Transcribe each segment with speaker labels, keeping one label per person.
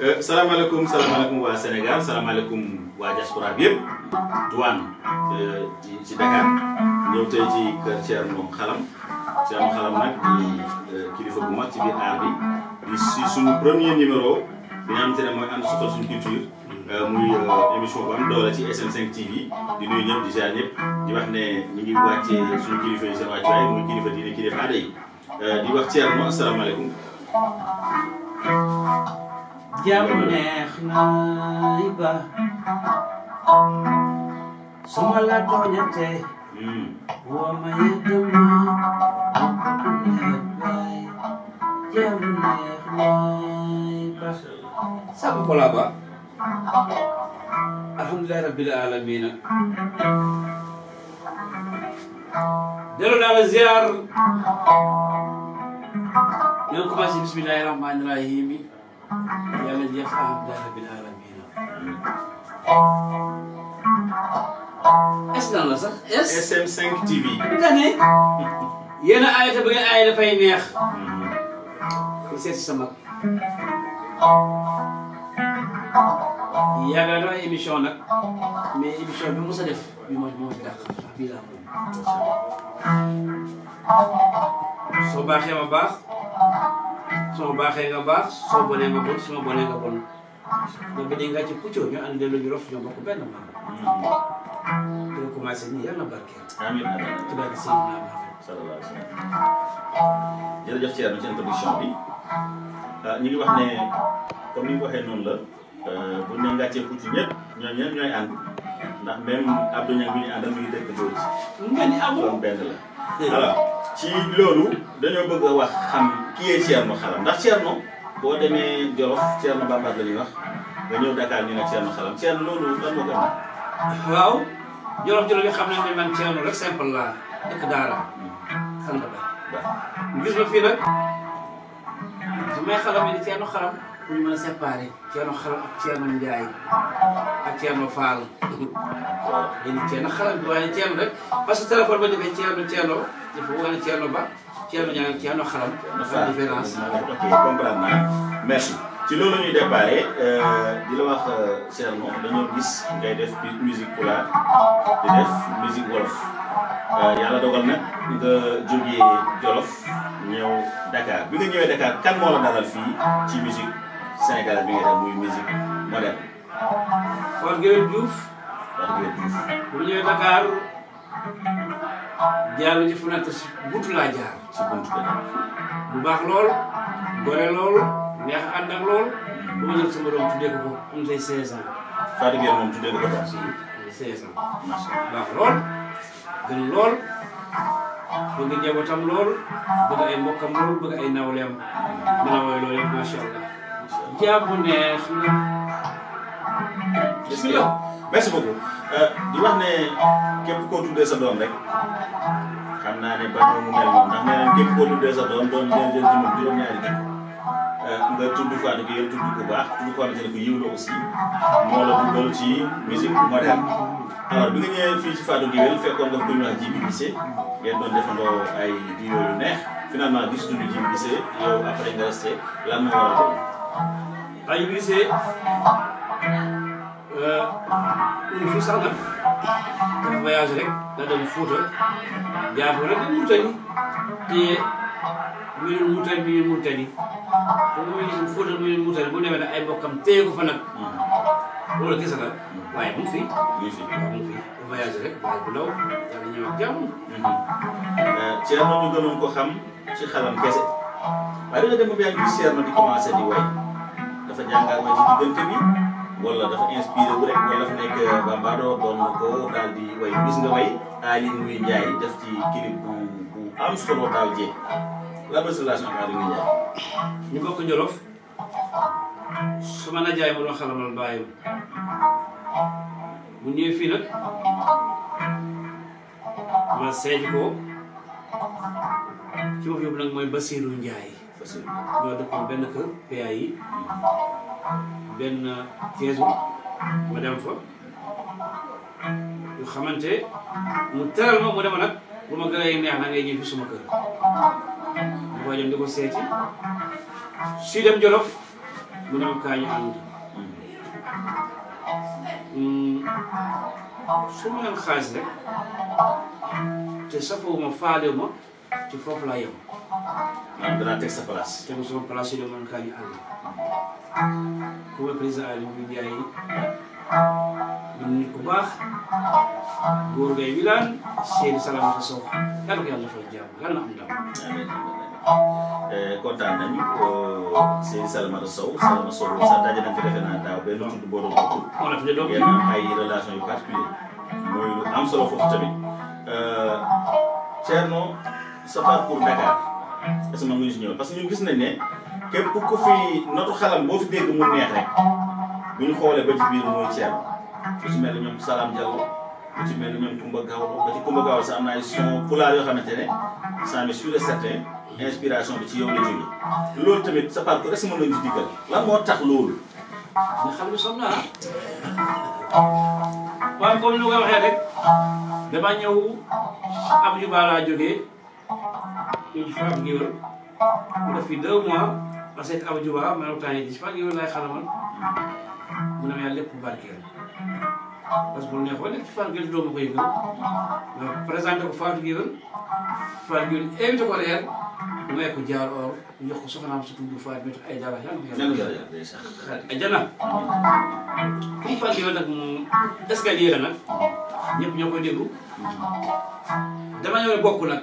Speaker 1: Eh, salaamaaleykum salaamaaleykum waa Sénégal salaamaaleykum waa diaspora bi yëpp. Douane ci eh, ci Dakar ñëw tey ci kër Thierno Xalam nag di eh, kilifa bu mag ci biir bi di si suñu premier numéro bi nga xamante ne mooy ànd suxal suñu culture. muy émission bu am doole ci TV di nuyu ñëpp di ziar di wax ne ñu ngi wàccee suñu kilifa yi seen wàccuwaay muy kilifa diine kilifa aada yi di wax Thierno asalaamaaleykum.
Speaker 2: jàmm neex naay ba su ma la tooñatee hmm. waa ma yëgëm
Speaker 3: naa baay jàmm neex naay ba sama ko laa
Speaker 2: ba alhamdulilah rabbil alamina delu naa la ziar ñoo commencé bismillahi rahmani rahim yàlla jeex alhamdulilah rabbil alamin est la sax SM5 TV. nga ne. yéen a aayata ba ngeen aay dafay neex. di seet si sa mag. yàgg na ay émission nag mais émission bi mos a def bi moo moo dàq bii laa moom. soo baaxee baax. suma baaxee nga baax soo bonee nga bon suma bonee nga bon
Speaker 3: ñoom bi dañ ngaa ci puccoo
Speaker 2: ñu ànd leen ñu rof ñoo bokk benn maam.
Speaker 3: Mm.
Speaker 2: dina commencé nii yàlla barkeel. amiin ci barke sëñ bi naa baax. sallallahu alayhi wa
Speaker 1: sallam. jërëjëf ci yàlla ci ah, wax ne comme ni nga waxee noonu la euh, buñ ne ngàccee pucc ñëpp ñoom ñëpp ñooy ànd ndax même Abdou Niang bi ñu àndal mi ngi dëkk Dóor. ngeen di amul benn la alors. ci loolu dañoo bëgg a wax xam kii yee Thierno Xalam ndax Thierno boo demee Jolof
Speaker 2: Thierno Bamba la ñuy wax nga ñëw Dakar ñu ne Thierno Xalam Thierno loolu lan moo ko mën. waaw Jolof Jolof yi xam nañ ne man Thierno rek simple laa dëkk Daara hmm. sant ba. gis nga fii nag su may xalam ni Thierno Xalam. pour ñu mën a parce que téléphone ba defee Thierno Thierno dafa wane Thierno Ba ci loolu la
Speaker 1: ñuy déparé euh, di la wax Thierno euh, dañoo gis ngay def musique pulaar di def musique wolof euh, yàlla dogal nag nga jógee Jolof ñëw Dakar bi nga ñëwee Dakar kan moo la dalal fii ci musique. Sénégal
Speaker 2: bi nga xam muy musique moderne. Fort Gueye Diouf. Fort Gueye Diouf. bu ñëwee Dakar jaalu ci fu nekk si buntu laa jaar. bu baax lool gore lool neex ànd ak lool. bu ma jël sama doom tuddee ko ko am tey 16 ans. Fatick Gueye moom tuddee ko ko daal. 16 ans. macha allah lool gën lool. bëgg njabootam lool bëgg ay mbokkam lool bëgg ay nawleem. mën a woy loolu yëpp macha jàmm neex na. bismillah merci beaucoup euh, di
Speaker 1: wax ne képp koo tuddee sa doom rek xam naa ne ba mu mel noonu ndax nee nañ képp koo tuddee sa doom doon juróom-ñaari jikko euh, nga tudd Fatou Gueye tudd bu baax tudd Fatou Gueye ko yiw la aussi
Speaker 3: moo la dugal ci musique moderne
Speaker 1: alors bi nga ñëwee fii ci ay
Speaker 3: duo neex finalement gis tudd Djibi Guissé yow après nga resté lan moo war a
Speaker 2: 아이 그릇에 ñu fi sax nag
Speaker 3: dafa
Speaker 2: voyage rek da dem Fuuta jaar fa rek dem Mutani te mu neen Mutani mu neen Mutani bu mu neen Fuuta mu neen Mutani bu demee nag ay mbokkam téye ko fa nag
Speaker 3: mm-hmm.
Speaker 2: loolu kese la waaye mu ngi fi mu ngi fi mu ngi fi voyage rek waaye bu ndaw yàlla ñëw ak jàmm Ceerno mm-hmm. euh, ñu gënoon ko xam
Speaker 1: ci xalam kese waaye da nga dem ba mu yàgg Ceerno di commencé di way dafa jàngal ma ci diggante bi wala dafa inspiré wu rek wala dafa nekk bambado doon ko daal di way gis nga way Aly Ngouille Ndiaye def ci clip bu bu am solo daal jéeg
Speaker 2: la relation ak Aly su ma la jaay ma doon xalamal bàyyi bu ñëwee fii nag ma seeti ko ci wax yóbbu nag mooy Basirou Ndiaye. parce que ñoo dëkkoon benn kër PA yi benn keesu ma dem fa ñu xamante mu teral ma mu dema nag bu ma gën a neex na ngay ñëw suma kër
Speaker 3: ñu
Speaker 2: koy dem di ko seeti si dem Jolof mu ne ma kaa ñu ànd hmm. su rek te safoo ma faalew ma ci foofu laa yem danaa teg sa place. tegu sama place yi ne man kaa a ànd. ku ma président Aliou Ndiaye ñun nit ku baax góor ngay wilaan seeni salaamata sow yàlla ko yàlla defal jàmm yàlla am ndam.
Speaker 1: kontaan nañu seeni salaamata sow salaamata sow sax daje fi de doon ngeen ay relation yu particulier mooy lu am solo foofu tamit Thierno sa parcours Dakar. est parce que ñu gis nañ ne képp ko fi notu xalam boo fi dégg mu neex rek bu ñu xoolee ba ci biir mooy ceeb si mel ne ñoom Salam Diallo ku ci mel ne ñoom Kumba Gawlo ba ci Kumba Gawlo sax am na ay son pulaar yoo xamante ne ça mais sur le certain inspiration bi ci yow la loolu tamit sa parcours est-ce que mën nga ñu diggal lan moo tax loolu.
Speaker 3: nga
Speaker 2: xam ne sonn naa ah. waaye comme ni ma waxee rek dama ñëw ab yu baax laa jógee. ñun xarab géwél mu def fi deux mois ma seet ab juba ma ne temps yi gis fa géwél laay xalamal mu ne ma yàlla lépp barkeel parce que bu neexoon nekk ci Fall Gueye doomu ko yëgal ma présenté ko Fall Gueye Fall Gueye ko reer mu may ko jaar or mu jox ko soxnaam surtout bu Fall bi ay dara yàlla na ko yàlla ay jana kii nag moom escalier nag ñëpp ñoo koy déglu dama ñëw bokk nag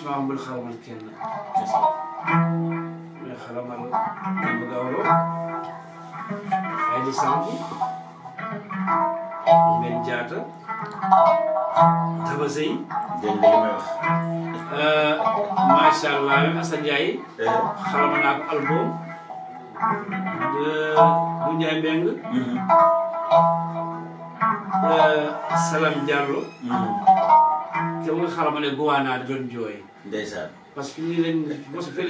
Speaker 2: islam bul xaramal kenn. mu gawlo Aïdi Samb Mbène Diatta Daba Seye. dégg nga li may wax. Euh, macha allah même Assane Ndiaye. Eh. xaramal naa ko album. bu Ndiaye Beng. Mm-hmm. Euh, Salam Diallo. mu nga xaramal ndeysaan parce que nii lañ mos fii parce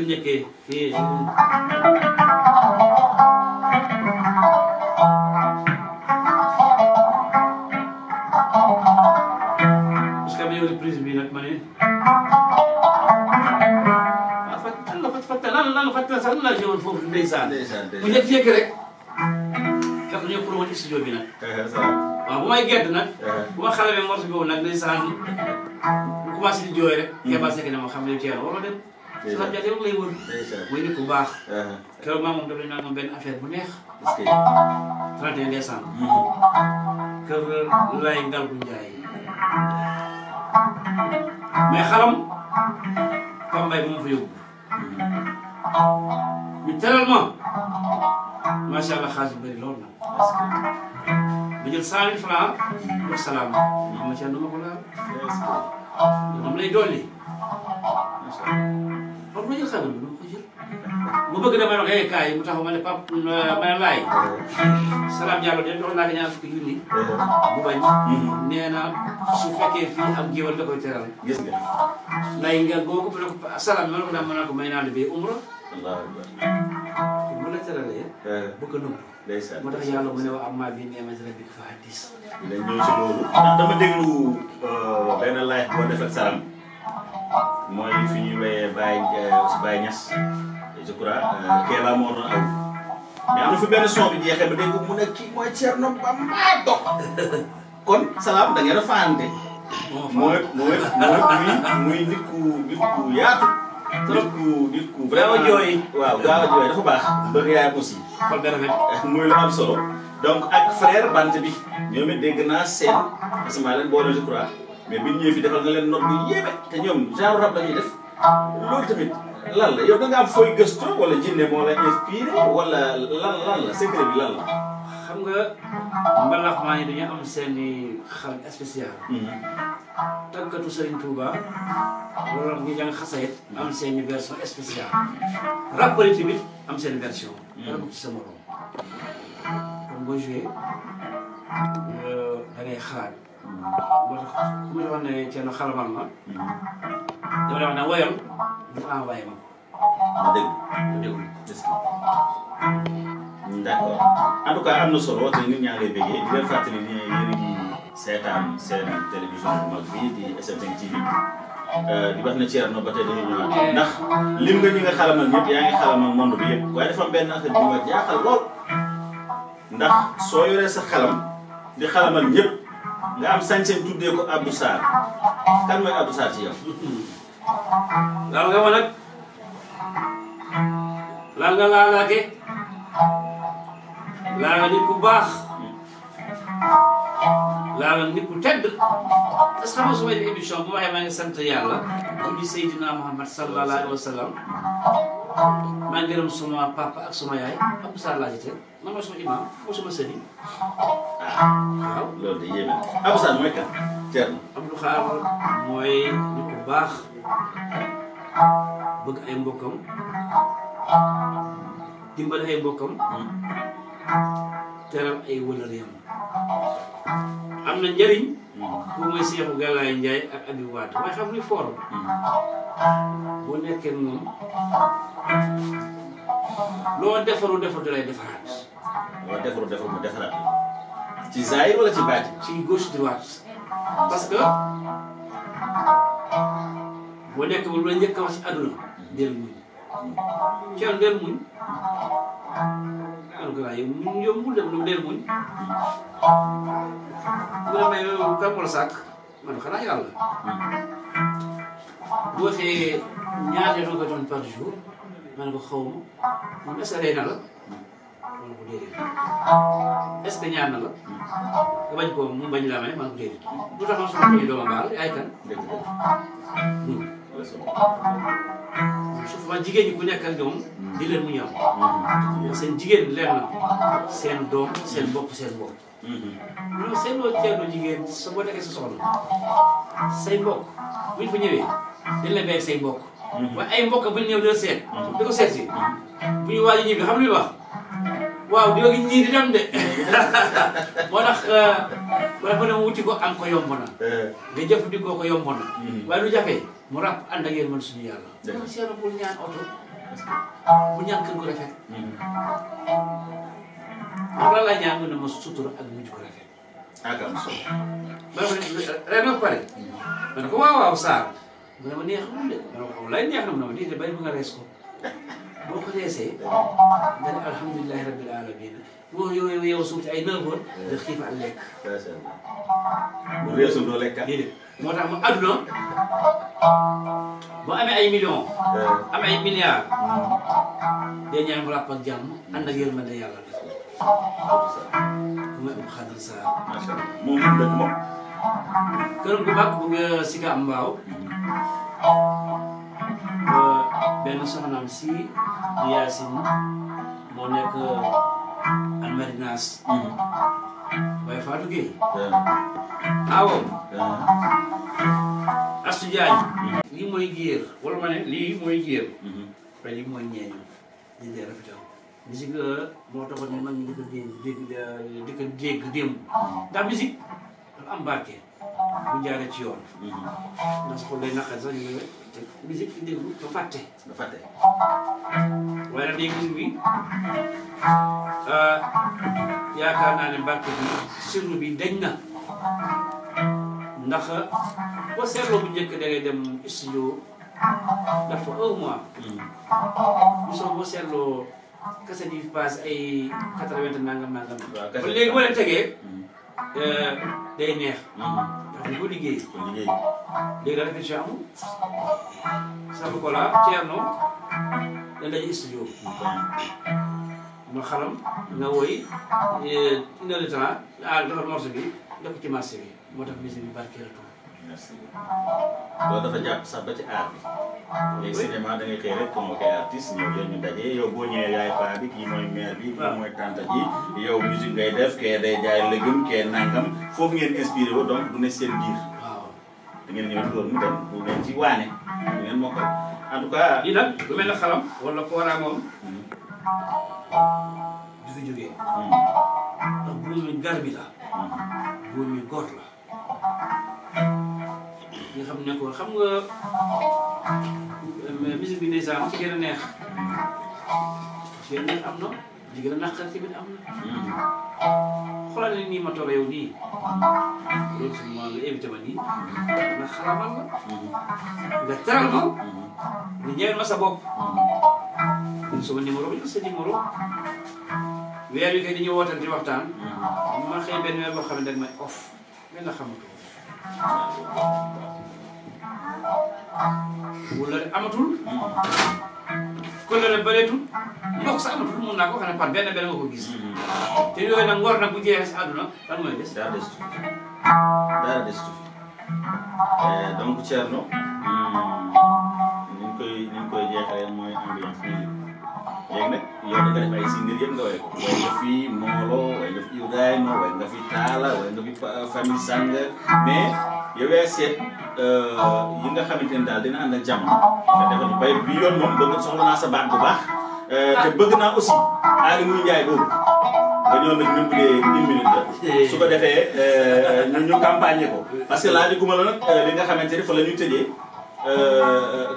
Speaker 2: que am yow reprise bi nag ma ne
Speaker 3: waaw ah, fat lan la fat
Speaker 2: fatte lan lan la fatte sax laa jëwoon foofu ndeysaan bu njëkk-njëkk rek waaw bu may gedd nag. Eh. bu ma xalawee morceau boobu nag day saan bu commencé di jooy rek. Hmm. Kéba Seck ne ma xam ne Thierno war na dem. la jotee rek lay wër. ku baax. Eh. keroog maa moom daf leen naan benn affaire bu neex. parce que 31 décembre.
Speaker 3: Hmm.
Speaker 2: lay ngal bu njaay. mais xalam Pambay moom fa yóbbu. ñu teral ma macha allah xaalis bu lool na. ba jël cent mille franc wax salaam ma ma Thierno ma ko laal. dama lay dolli. macha allah ma jël xel ma ko jël. mu bëgg damay wax ay eh, kaay mu taxaw ma ne pap ma ne laay. salaam Diallo de doxal naa ko ñaar fukki junni. bu bañ. nee na su fekkee fii am jiwal da koy teral. gis nga. lay nga boo ko bëgg a ko salaam ma ne ko daan ma ne ko may naa la bee umra. la teralee. Eh. bu ko nëbb. moo tax yàlla mu bi ni'mati rabbika fa haddis. dinañ ñëw si loolu. ndax déglu euh, benn laaj boo def ak mooy
Speaker 1: fi ñuy wéyee Baye euh, Baye Niass je crois euh, moo doon aw. mais ba dégg mu a faante. mooy mooy muy muy nit ku yaatu. trop ku nit ku. gaaw a jooy waaw gaaw a jooy dafa baax. bëgg yaayam aussi. kon dara rek eh, muy lu am solo. donc ak frère bant bi ñoom it dégg naa seen parce que maa leen boole je crois mais bi ñëwee fi defal nga leen note bu yéeme te ñoom genre rab la ñuy def loolu tamit lan la yow da nga am fooy gëstu wala jinne moo la inspiré wala lan lan la secret bi
Speaker 2: xam nga mbalax maa ngi dañu am seen i xar spécial. Mm-hmm. tàggatu Serigne Touba wala ñu jàng xasayit am seen i version spéciale. rappel tamit am seen version. dara mm-hmm. ko ci sa morom. kon boo joué euh, da ngay xalaat. moo tax ku ma wax ne Thierno xalamal ma.
Speaker 3: Mm-hmm.
Speaker 2: dama la wax ne woyal mu envoyé ma. ma déglu ma déglu
Speaker 1: d' accord en tout cas am na solo te nit ñaa ngi lay bëggee di a ngi seetaan euh, na Thierno ba tey ndax lim nga ñi xalamal ñëpp waaye dafa benn affaire bu ma jaaxal lool ndax soo yoree sa di xalamal ñëpp nga am sañ-sañ tuddee ko Abdou kan mooy Abdou ci yow.
Speaker 2: laal nga ma nag laal nga laalaake. laa nga nit ku baax laa nga nit ku tedd parce que xam nga su may def émission bu waxee maa Seydina Muhammad sallallahu alayhi wa sallam maa ngi gërëm suma papa ak suma suma imam mooy suma sëriñ waaw ah, loolu de yéeme na Abdou Sarr mooy kan teral ay wëlëreem am na njëriñ bu mooy seexu galaay njaay ak abi waat waaye xam ni foor bu nekkee moom loo defaru defar da lay defaraat loo defaru ci zaahir ci baat ci gauche droite parce que bu nekk bu la njëkk a wax ci àdduna del muñ kenn del alors que waaye muñ yombul dem lu deel muñ bu la may kan moo la sàkk man xanaa yàlla
Speaker 3: bu waxee ñaata doo
Speaker 2: ko doon par jour ma ne ko xaw ma moom est-ce que rey na la ma ne ko déedéet est-ce que ñaan na la nga bañ ko mu bañ laa may ma ne ko déedéet lu tax ma soxla ñu dooma baal yaay kan souvent jigéen ñi ku nekk ak ñoom mm. di leen mu ñor mm. seen jigéen leen na seen doom seen bopp seen bopp mm-hmm. ñoom seen loo jigéen sa boo nekkee sa soxna say mbokk buñ fa ñëwee dañ la bàyyi say mbokk mm-hmm. waaye ay mbokk buñ ñëw dina seet mm-hmm. di ko seet bu ñu waaj ñibbi xam lu ñu wax waaw doo gi ñii di dem de moo tax wala euh, fa wuti ko am ko yomb na eh. nga jëfandikoo ko yomb na hmm. waaye lu jafee mu ràpp ànd ak yéen man suñu yàlla man seero bul ñaan bu ñaan kër gu hmm. la laa ñaan nga ko rafet ak ah, am solo ma ma pare ma ne ko waaw ko boo ko reesee nga ne alhamdulilahi rabbil alamin boo yow yow suuf ay neuf heures eh. nga xiif ak lekk. bu reesul doo lekk moo tax mu àdduna boo amee ay millions. Eh. am ay milliards. day ñaan mu ràpp ak jàmm ànd ak yërmande yàlla def ma xadar sa moom dëkk moom kër gu mag bu nga si ka am mbaaw hmm. benn soxnaam si Yaasin moo nekk almarinas mm. waaye Fatou Gueye awo Astu Jaañ lii mooy géer wala ma ne lii mooy géer te mm-hmm. lii mooy ñeeñu di dee rafetal musique moo taxoon ne man ñu di ko dégg di ko dégg démb mm-hmm. ndax musique dafa am barke bu jaaree ci yoon mm-hmm. ndax xool lay naqar sax ñu musique di déglu nga fàtte. nga fàtte. waaye nag léegi bi ah, yaakaar naa ne barke bi sirru bi dañ na ndax boo seetloo bu njëkk da ngay dem studio dafa un mois. bu hmm. soo boo seetloo kese di passe ay quatre-vingt nangam nangam. waaw kese léegi boo leen hmm. euh, neex. Hmm. di ko liggéey. kon liggéey. léegi répétition amul. Samb Kola Thierno dañ daje studio. ma xalam nga woy eh, une heure de temps ah bi def ci marché bi moo tax musique bi barkeelatu.
Speaker 3: merci loolu dafa jàpp
Speaker 2: sax ci art
Speaker 3: bi léegi cinéma
Speaker 1: da ngay xëy rek convoqué artiste ñëw leen ñu daje yow boo ñëwee yaay paa bi kii mooy mère bi kii mooy tante ji yow musique ngay def kee day jaay légume kee nangam foofu ngeen inspiré wu donc du ne seen biir da ngeen ñëw loolu mu dem bu leen ci waane
Speaker 3: ngeen
Speaker 2: mokkal en tout cas lii nag lu mel xalam wala ko waraa moom du fi jógee hmm. ndax góor ñu gar nga xam ne ko xam nga musique bi ndeysaan ci gën a neex ci gën a neex am na li gën a naqar ci biir am na xoolal ni nii ma toog yow nii loolu su ma la invité ma nii nga xalamal ma nga teral ma nga ñëwal ma sa bopp kon weer wi kay dañuy wooteel di waxtaan ma xëy benn weer boo xam ne dag may off mel na xamatu wóllare amatul kóllare bëreetul ndox sa amatul mun naa ko xam ne par benn benn nga ko gis hmm. te yooyu nag ngor nag bu jeexee si àdduna mooy des dara des tuuti dara des tuuti
Speaker 3: eh, donc Thierno hmm, ni ñu koy ni ñu koy jeexalee mooy ambiance musique léegi nag yow da nga def ay single
Speaker 1: yëpp nga way nga fi Molo way nga fi Ibrahima way nga fi Talla way nga fi famille Sang yow yaay seet euh, yi nga xamante ne daal dina ànd ak jàmm nga defal bay bi soxla naa sa bu baax euh, te bëgg naa aussi aali muy njaay boobu nga ñëw nag même bu dee une minute la eh. su ko defee euh, ñu ñu campagne ko parce que laaj guma la nag li nga xamante ne fa la ñuy tëjee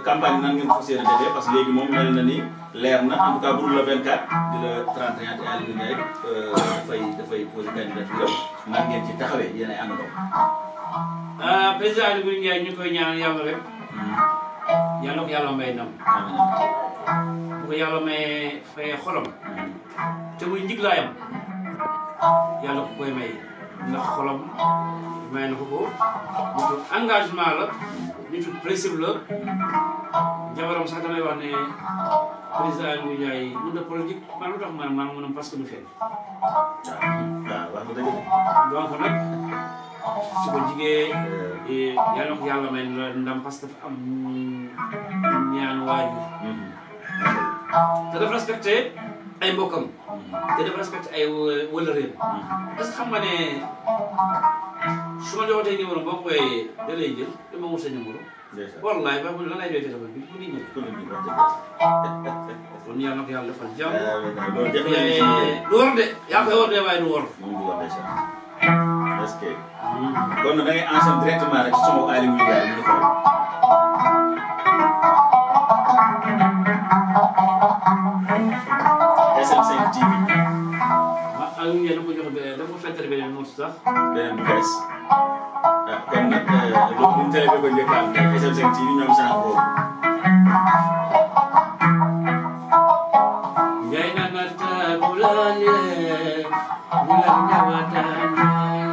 Speaker 1: campagne nan ngeen ko fas yéene defee parce que léegi moom mel na ni leer na en tout cas pour le 24 di le 31
Speaker 2: te Aliou Ndiaye dafay dafay posé candidature nan ngeen ci taxawee yéen ay
Speaker 3: àndandoo Ah,
Speaker 2: président Alioune Ndiaye ñu koy ñaanal yàlla rek yàlla ko yàlla may ndam
Speaker 3: bu
Speaker 2: ko yàlla may fay xolam ko koy may ndax ko ko engagement la nitu principe la jabaram sax damay wax ne président Alioune Ndiaye mën na politique man lu tax man maa mën a parce que du fen waaw waaw wax nga dëgg donc nag su ko jigee eh, eh, yal na ko yàlla may ndam parce que dafa am ñaan waajur te dafa respecté ay mbokkam te dafa respecté ay wëlëreem
Speaker 3: mm-hmm.
Speaker 2: xam nga ne su ma joxotee numéro boo ko wooyee da lay ba mu lan lay jotee tamit bi mu nit ñi kon yàlla na ko yàlla defal jàmm yaa koy war parce que
Speaker 1: kon nag da ngay enchaîner directement rek ci sama Aly Ngouille Ndiaye ñu ngi
Speaker 3: xool. sax beneen
Speaker 2: bu bees ah, kon nag euh, loolu bu ñu télé ko njëkkaan SM5 TV ñoom sax boobu. ngay naan taabulale bu la ñawataan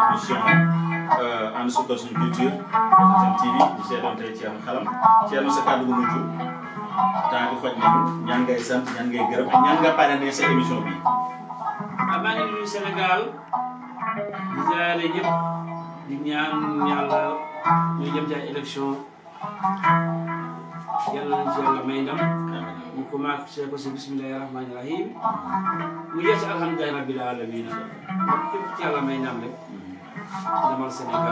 Speaker 1: émission ànd sukkal suñu culture Sen TV ñu seetaan tey Thierno Xalam Thierno sa kàddu gu mujj temps bi faj nañu ñaan ngay sant ñaan ngay gërëm ak ñaan nga parrainer sa émission bi
Speaker 3: waaw ah, maa
Speaker 2: ngi nuyu Sénégal di jaaree ñëpp di ñaan yàlla ñu jëm ci ay élection yàlla nañ ci yàlla may ndam ñu commencé ko si bisimilahi rahmaani rahim mu jeex si alhamdulilahi rabbil alamin képp ci yàlla may ndam rek
Speaker 3: demal Sénégal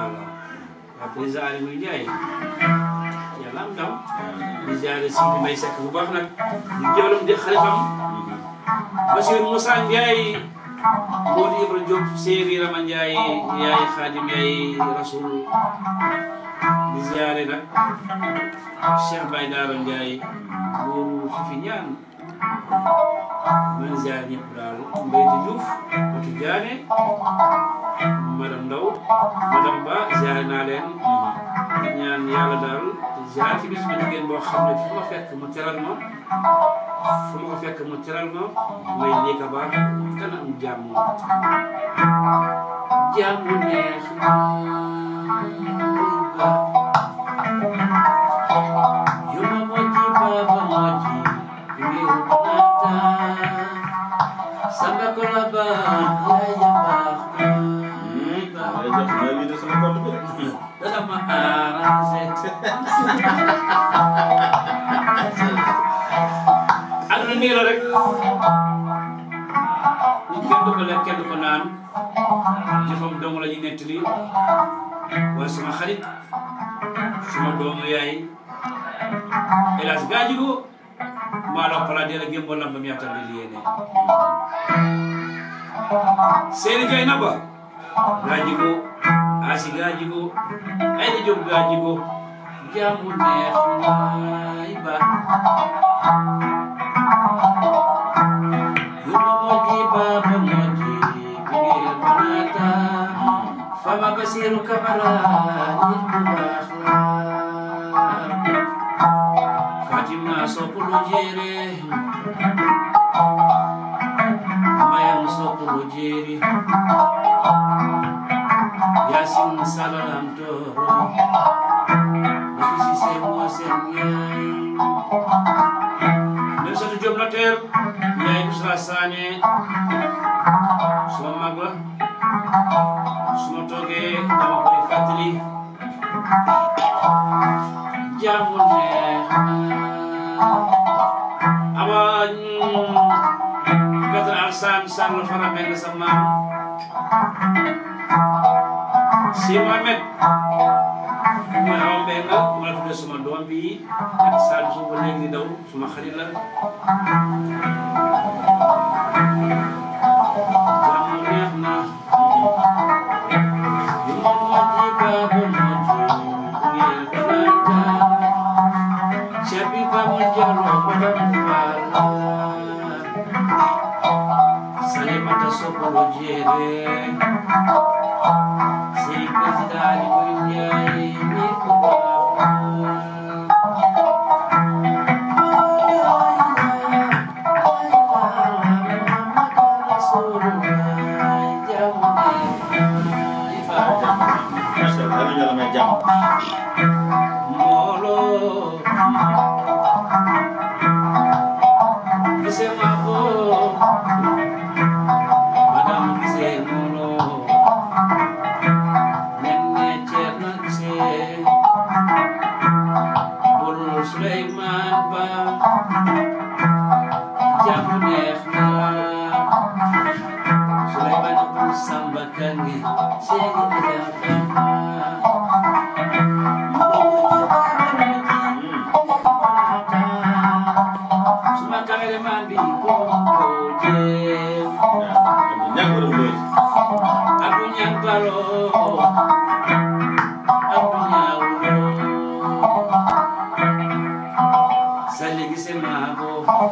Speaker 2: la waaw président Aliou Ndiaye yàlla am ndam di si bi may sekk bu baax nag di xalifam
Speaker 3: Bachir Moussa Ndiaye moo di
Speaker 2: Ibra Diop séeri Rama Ndiaye yaay Xaadim yaay Rasul di jaare nag Cheikh Baye Daara Ndiaye boobu fi ñaan man ziar ñëpp daal Mbaye Diouf Matu madame Ndaw
Speaker 3: madame Ba ziare naa leen di ñaan yàlla daal ziare ci bis bi jigéen boo xam ne fu ma
Speaker 2: fekk mu teral ma fu ma ko fekk mu teral ma may nekk baax dana am jàmm
Speaker 3: jàmm neex Samba Kolaba, Ayamba, mais jox sama compte bi rek. dafa
Speaker 2: ma arrangé. àdduna kenn du ko lekk kenn du ko naan jëfam dong la ñuy nettali waaye sama xarit sama doomu yaay maa la pala dee la gémbo lamb mi atal li yéene seeni gay na ba
Speaker 3: gaajigo
Speaker 2: asi gaajigo jom gaajigo
Speaker 3: jaamu neex maay ba yuma moji
Speaker 2: baba moji bigel banata fama basiru kamara nit bu baax la fatima soppulu jeere mayam soppulu jeeri yasin salalam toro bisi se mo sen yaay ne sa job notaire yaay Bisra Sané suma mag la suma toogee dama koy e fàttali jaamu neex ama ñu Maître Alassane mm, Sall la fana mel na sa maam
Speaker 3: si Mohamed mooy awa mbay la
Speaker 2: maa tudd suma doom bi ak Sadio su ba léegi di daw suma xarit la Shabby Bubble Jello, what a fella. sei, ma che sopra lo gire Sei così da libri miei,
Speaker 3: mi condanno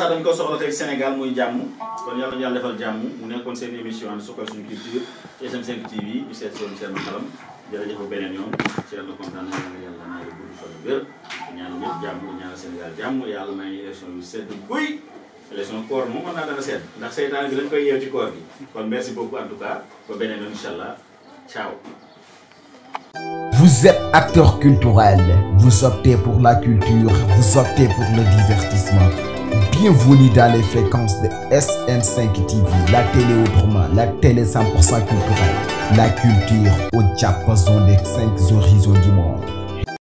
Speaker 1: sax dañ ko soxla tey Sénégal muy jàmm kon yàlla yàlla defal jàmm mu nekkoon seen émission ànd sukkal suñu culture ci SM5 TV ñu seet seen seen xalam jërëjëf ba beneen yoon ci yàlla kontaan na yàlla yàlla naa leen gudd fan wér ñaan ñëpp jàmm ñaan Sénégal jàmm yàlla may élection yu sedd guy élection koor moom mën naa dana sedd ndax seytaan bi dañ koy yeew ci koor bi kon merci beaucoup en tout cas ba beneen yoon incha allah ciao Vous êtes acteur culturel, vous optez pour la culture, vous optez pour le divertissement. Bienvenue dans les fréquences de SN5 TV, la télé autrement, la télé 100% culturelle, la culture au diapason des cinq horizons du monde.